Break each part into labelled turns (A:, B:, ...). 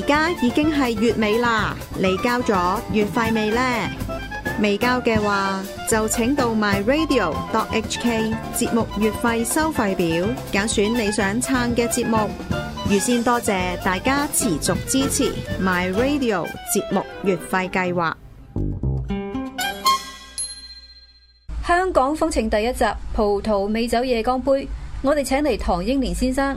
A: 而家已經係月尾啦，你交咗月費未呢？未交嘅話，就請到 myradio.hk 節目月費收費表，揀選你想撐嘅節目。預先多謝大家持續支持 myradio 節目月費計劃。香港風情第一集《葡萄美酒夜光杯》，我哋請嚟唐英年先生。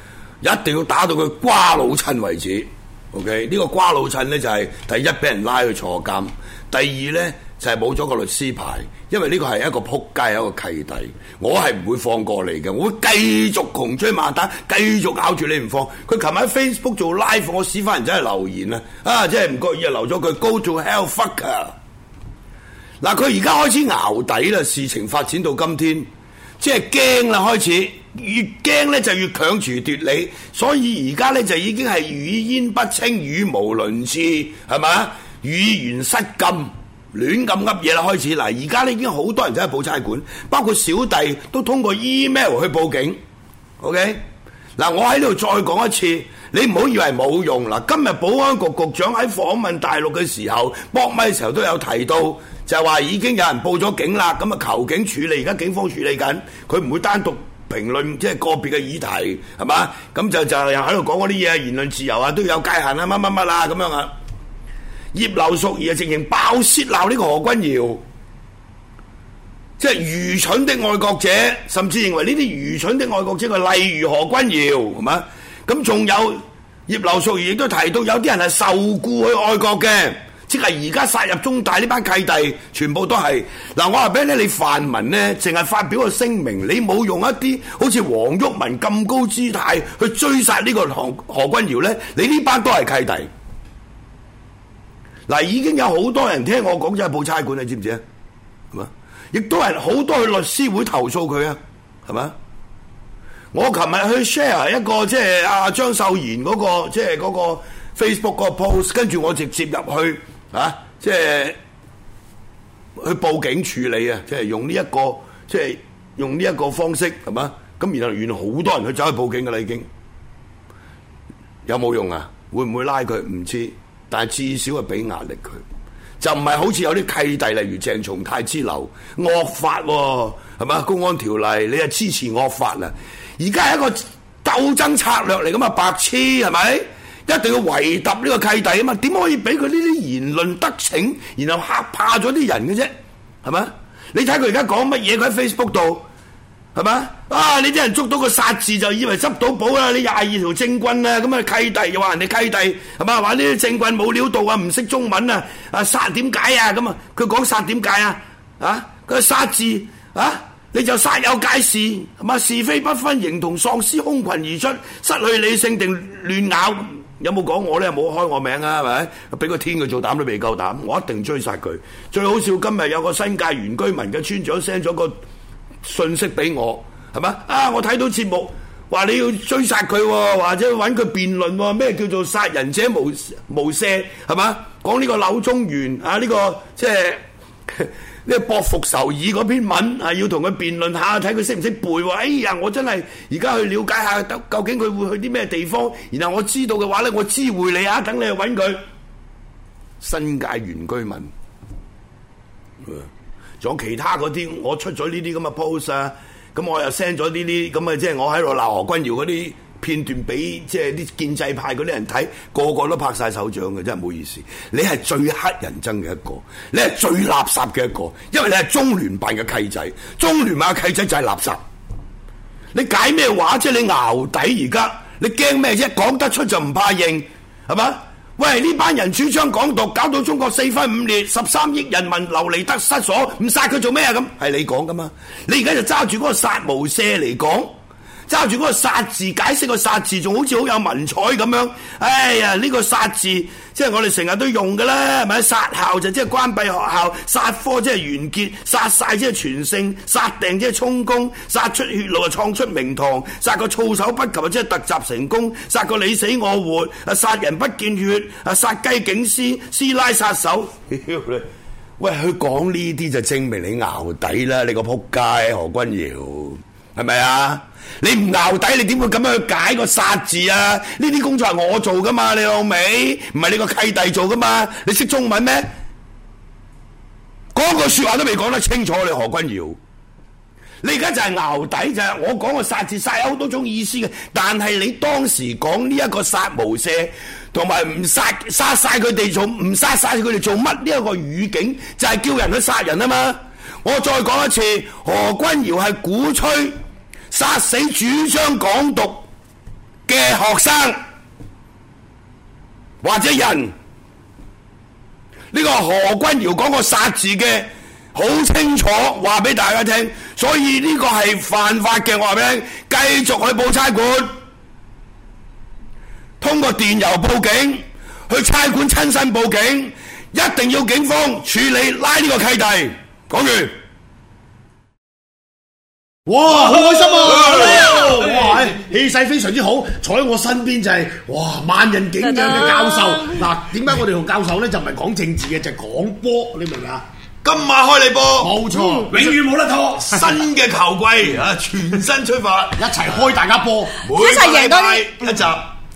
A: 一定要打到佢瓜老襯為止，OK？呢個瓜老襯咧就係第一俾人拉去坐監，第二咧就係冇咗個律師牌，因為呢個係一個撲街一個契弟，我係唔會放過你嘅，我會繼續窮追猛打，繼續咬住你唔放。佢琴晚喺 Facebook 做 live，我屎翻人仔留言啦，啊，即係唔覺意啊，留咗句：「Go to hell, fucker！」嗱，佢而家開始淆底啦，事情發展到今天。即係驚啦，開始越驚咧就越強詞奪理，所以而家咧就已經係語焉不清、語無倫次，係咪？語言失禁，亂咁噏嘢啦，開始嗱，而家咧已經好多人走去報差館，包括小弟都通過 email 去報警。OK，嗱，我喺呢度再講一次，你唔好以為冇用嗱，今日保安局局長喺訪問大陸嘅時候，搏咪時候都有提到。就話已經有人報咗警啦，咁啊求警處理，而家警方處理緊，佢唔會單獨評論即係、就是、個別嘅議題，係嘛？咁就就喺度講嗰啲嘢，言論自由啊，都要有界限啊，乜乜乜啊，咁樣啊。葉劉淑儀啊，直情爆泄鬧呢個何君堯，即、就、係、是、愚蠢的愛國者，甚至認為呢啲愚蠢的愛國者，例如何君堯，係嘛？咁仲有葉劉淑儀亦都提到，有啲人係受雇去愛國嘅。即係而家殺入中大呢班契弟，全部都係嗱，我話俾你，你泛民咧，淨係發表個聲明，你冇用一啲好似黃毓民咁高姿態去追殺呢個何何君堯咧，你呢班都係契弟。嗱，已經有好多人聽我講，真係報差館，你知唔知啊？係嘛，亦都人好多去律師會投訴佢啊，係嘛？我琴日去 share 一個即係阿張秀賢嗰個即係嗰個 Facebook 個 post，跟住我直接入去。啊！即係去報警處理啊！即係用呢一個，即係用呢一個方式，係嘛？咁然後原來好多人去走去報警噶啦，已經有冇用啊？會唔會拉佢？唔知，但係至少係俾壓力佢，就唔係好似有啲契弟，例如鄭松泰之流惡法喎，係嘛？公安條例你係支持惡法啊？而家係一個鬥爭策略嚟咁啊，白痴係咪？一定要回答呢個契弟啊嘛，點可以俾佢呢啲言論得逞，然後吓怕咗啲人嘅啫？係嘛？你睇佢而家講乜嘢？佢喺 Facebook 度係嘛？啊！你啲人捉到個殺字就以為執到寶啦，你廿二條正棍啦，咁啊契弟又話人哋契弟係嘛？話呢啲正棍冇料到啊，唔識中文啊，啊殺點解啊？咁啊，佢講殺點解啊？啊，佢個殺字啊，你就殺有解事，係嘛？是非不分，形同喪屍，空群而出，失去理性定亂咬。有冇講我咧？冇開我名啊，係咪？俾個天佢做膽都未夠膽，我一定追殺佢。最好笑今日有個新界原居民嘅村長 send 咗個信息俾我，係嘛？啊，我睇到節目話你要追殺佢喎，啊，或者揾佢辯論喎，啊，咩叫做殺人者無無赦係嘛？講呢個柳中原啊，呢、呢個即係，就是 呢個博復仇爾嗰篇文啊，要同佢辯論下，睇佢識唔識背喎？哎呀，我真係而家去了解下，究竟佢會去啲咩地方？然後我知道嘅話咧，我知會你啊，等你去搵佢。新界原居民，仲、嗯、有其他嗰啲，我出咗呢啲咁嘅 post 啊，咁我又 send 咗呢啲咁嘅，即係我喺度鬧何君堯嗰啲。片段俾即係啲建制派嗰啲人睇，個個都拍晒手掌嘅，真係唔好意思。你係最乞人憎嘅一個，你係最垃圾嘅一個，因為你係中聯辦嘅契仔，中聯辦契仔就係垃圾。你解咩話啫？你淆底而家，你驚咩啫？講得出就唔怕認係嘛？喂！呢班人主張港獨，搞到中國四分五裂，十三億人民流離得失所，唔殺佢做咩啊？咁係你講噶嘛？你而家就揸住嗰個殺無赦嚟講。揸住嗰個殺字解釋個殺字，仲好似好有文采咁樣。哎呀，呢、這個殺字，即係我哋成日都用噶啦，係咪？殺校就即係關閉學校，殺科即係完結，殺晒即係全勝，殺定即係充公；殺出血路啊，創出名堂，殺個措手不及即係突襲成功，殺個你死我活啊，殺人不見血啊，殺雞警司，師奶殺手。 喂，佢講呢啲就證明你淆底啦，你個撲街何君堯。係咪啊？你唔淆底，你點會咁樣去解個殺字啊？呢啲工作係我做噶嘛？你老味，唔係你個契弟做噶嘛？你識中文咩？講個說話都未講得清楚，你何君堯，你而家就係淆底就係，我講個殺字，殺有好多種意思嘅。但係你當時講呢一個殺無赦，同埋唔殺殺晒佢哋做，唔殺晒佢哋做乜呢一個語境，就係叫人去殺人啊嘛？我再講一次，何君堯係鼓吹。殺死主張港獨嘅學生或者人，呢個何君堯講過殺字嘅好清楚，話俾大家聽，所以呢個係犯法嘅，我話俾你聽，繼續去報差館，通過電郵報警，去差館親身報警，一定要警方處理，拉呢個契弟，講完。哇，好開心啊！哇，氣勢非常之好，坐喺我身邊就係哇萬人景仰嘅教授。嗱，點解我哋同教授咧就唔係講政治嘅，就講波，你明唔明啊？今晚開你波，冇錯，永遠冇得拖。新嘅球季啊，全新出發，一齊開大家波，一齊贏多啲一集。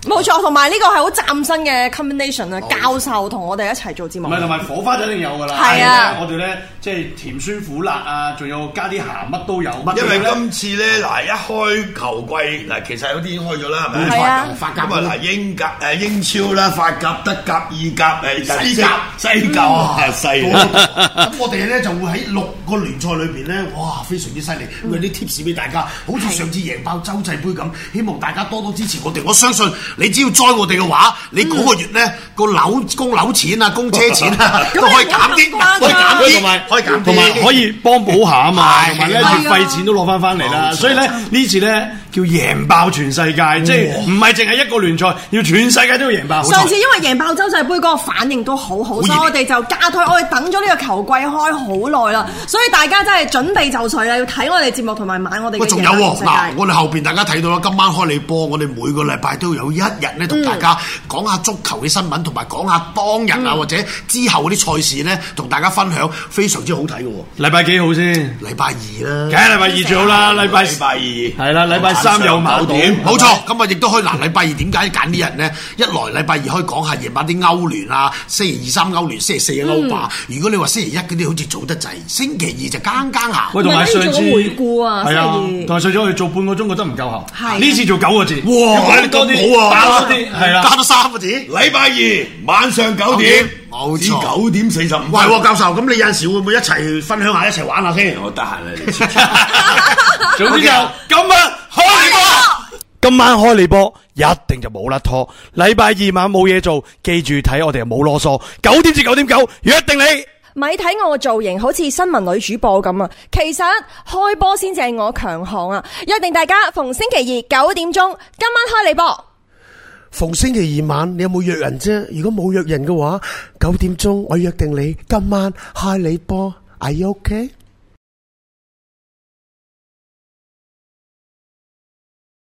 A: 冇錯，同埋呢個係好嶄新嘅 combination 啊！教授同我哋一齊做節目，唔係同埋火花就一定有㗎啦。係啊，我哋咧即係甜酸苦辣啊，仲有加啲鹹乜都有。乜。因為今次咧嗱，一開球季嗱，其實有啲已經開咗啦，係咪啊？係啊！法甲啊嗱，英格誒英超啦，法甲、德甲、意甲誒西甲、西甲，哇西！咁我哋咧就會喺六個聯賽裏邊咧，哇非常之犀利，會有啲 tips 俾大家，好似上次贏爆洲際杯咁，希望大家多多支持我哋，我相信。你只要栽我哋嘅話，你嗰個月呢個樓供樓錢啊，供車錢啊， 都可以減啲，可以減啲，同埋可以減啲，可以幫補下啊嘛，同埋呢， 月費錢都攞返返嚟啦。的所以呢呢 次呢。要贏爆全世界，即係唔係淨係一個聯賽，要全世界都要贏爆。上次因為贏爆洲際杯嗰個反應都好好，所以我哋就加推。我哋等咗呢個球季開好耐啦，所以大家真係準備就緒啦，要睇我哋節目同埋買我哋嘅世界。哇，仲有嗱，我哋後邊大家睇到啦，今晚開你播，我哋每個禮拜都有一日咧同大家講下足球嘅新聞，同埋講下當日啊或者之後嗰啲賽事咧，同大家分享非常之好睇嘅。禮拜幾號先？禮拜二啦，梗係禮拜二最好啦。禮拜禮拜二係啦，禮拜三有矛盾，冇錯。咁啊，亦都可以。嗱，禮拜二點解揀啲人咧？一來禮拜二可以講下夜晚啲歐聯啊，星期二三歐聯，星期四嘅歐霸。如果你話星期一嗰啲好似做得滯，星期二就更艱行，我同埋上次，係啊，但係上咗去做半個鐘覺得唔夠喉。呢次做九個字。哇，你多啲，好啊，多啲，係啊，加多三個字。禮拜二晚上九點，冇錯，九點四十五。喂，教授，咁你有時會唔會一齊分享下一齊玩下先？我得閒咧，總之就咁啊！今晚開你波，一定就冇甩拖。禮拜二晚冇嘢做，記住睇我哋又冇囉嗦。九點至九點九，約定你。咪睇我個造型好似新聞女主播咁啊！其實開波先至係我強項啊！約定大家逢星期二九點鐘，今晚開你波。逢星期二晚，你有冇約人啫？如果冇約人嘅話，九點鐘我約定你今晚開你波。Are you OK？